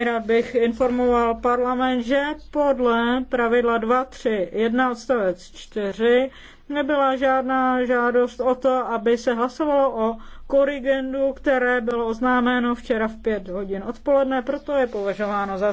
Rád bych informoval parlament, že podle pravidla 2.3.1 odstavec 4 nebyla žádná žádost o to, aby se hlasovalo o korigendu, které bylo oznámeno včera v 5 hodin odpoledne, proto je považováno za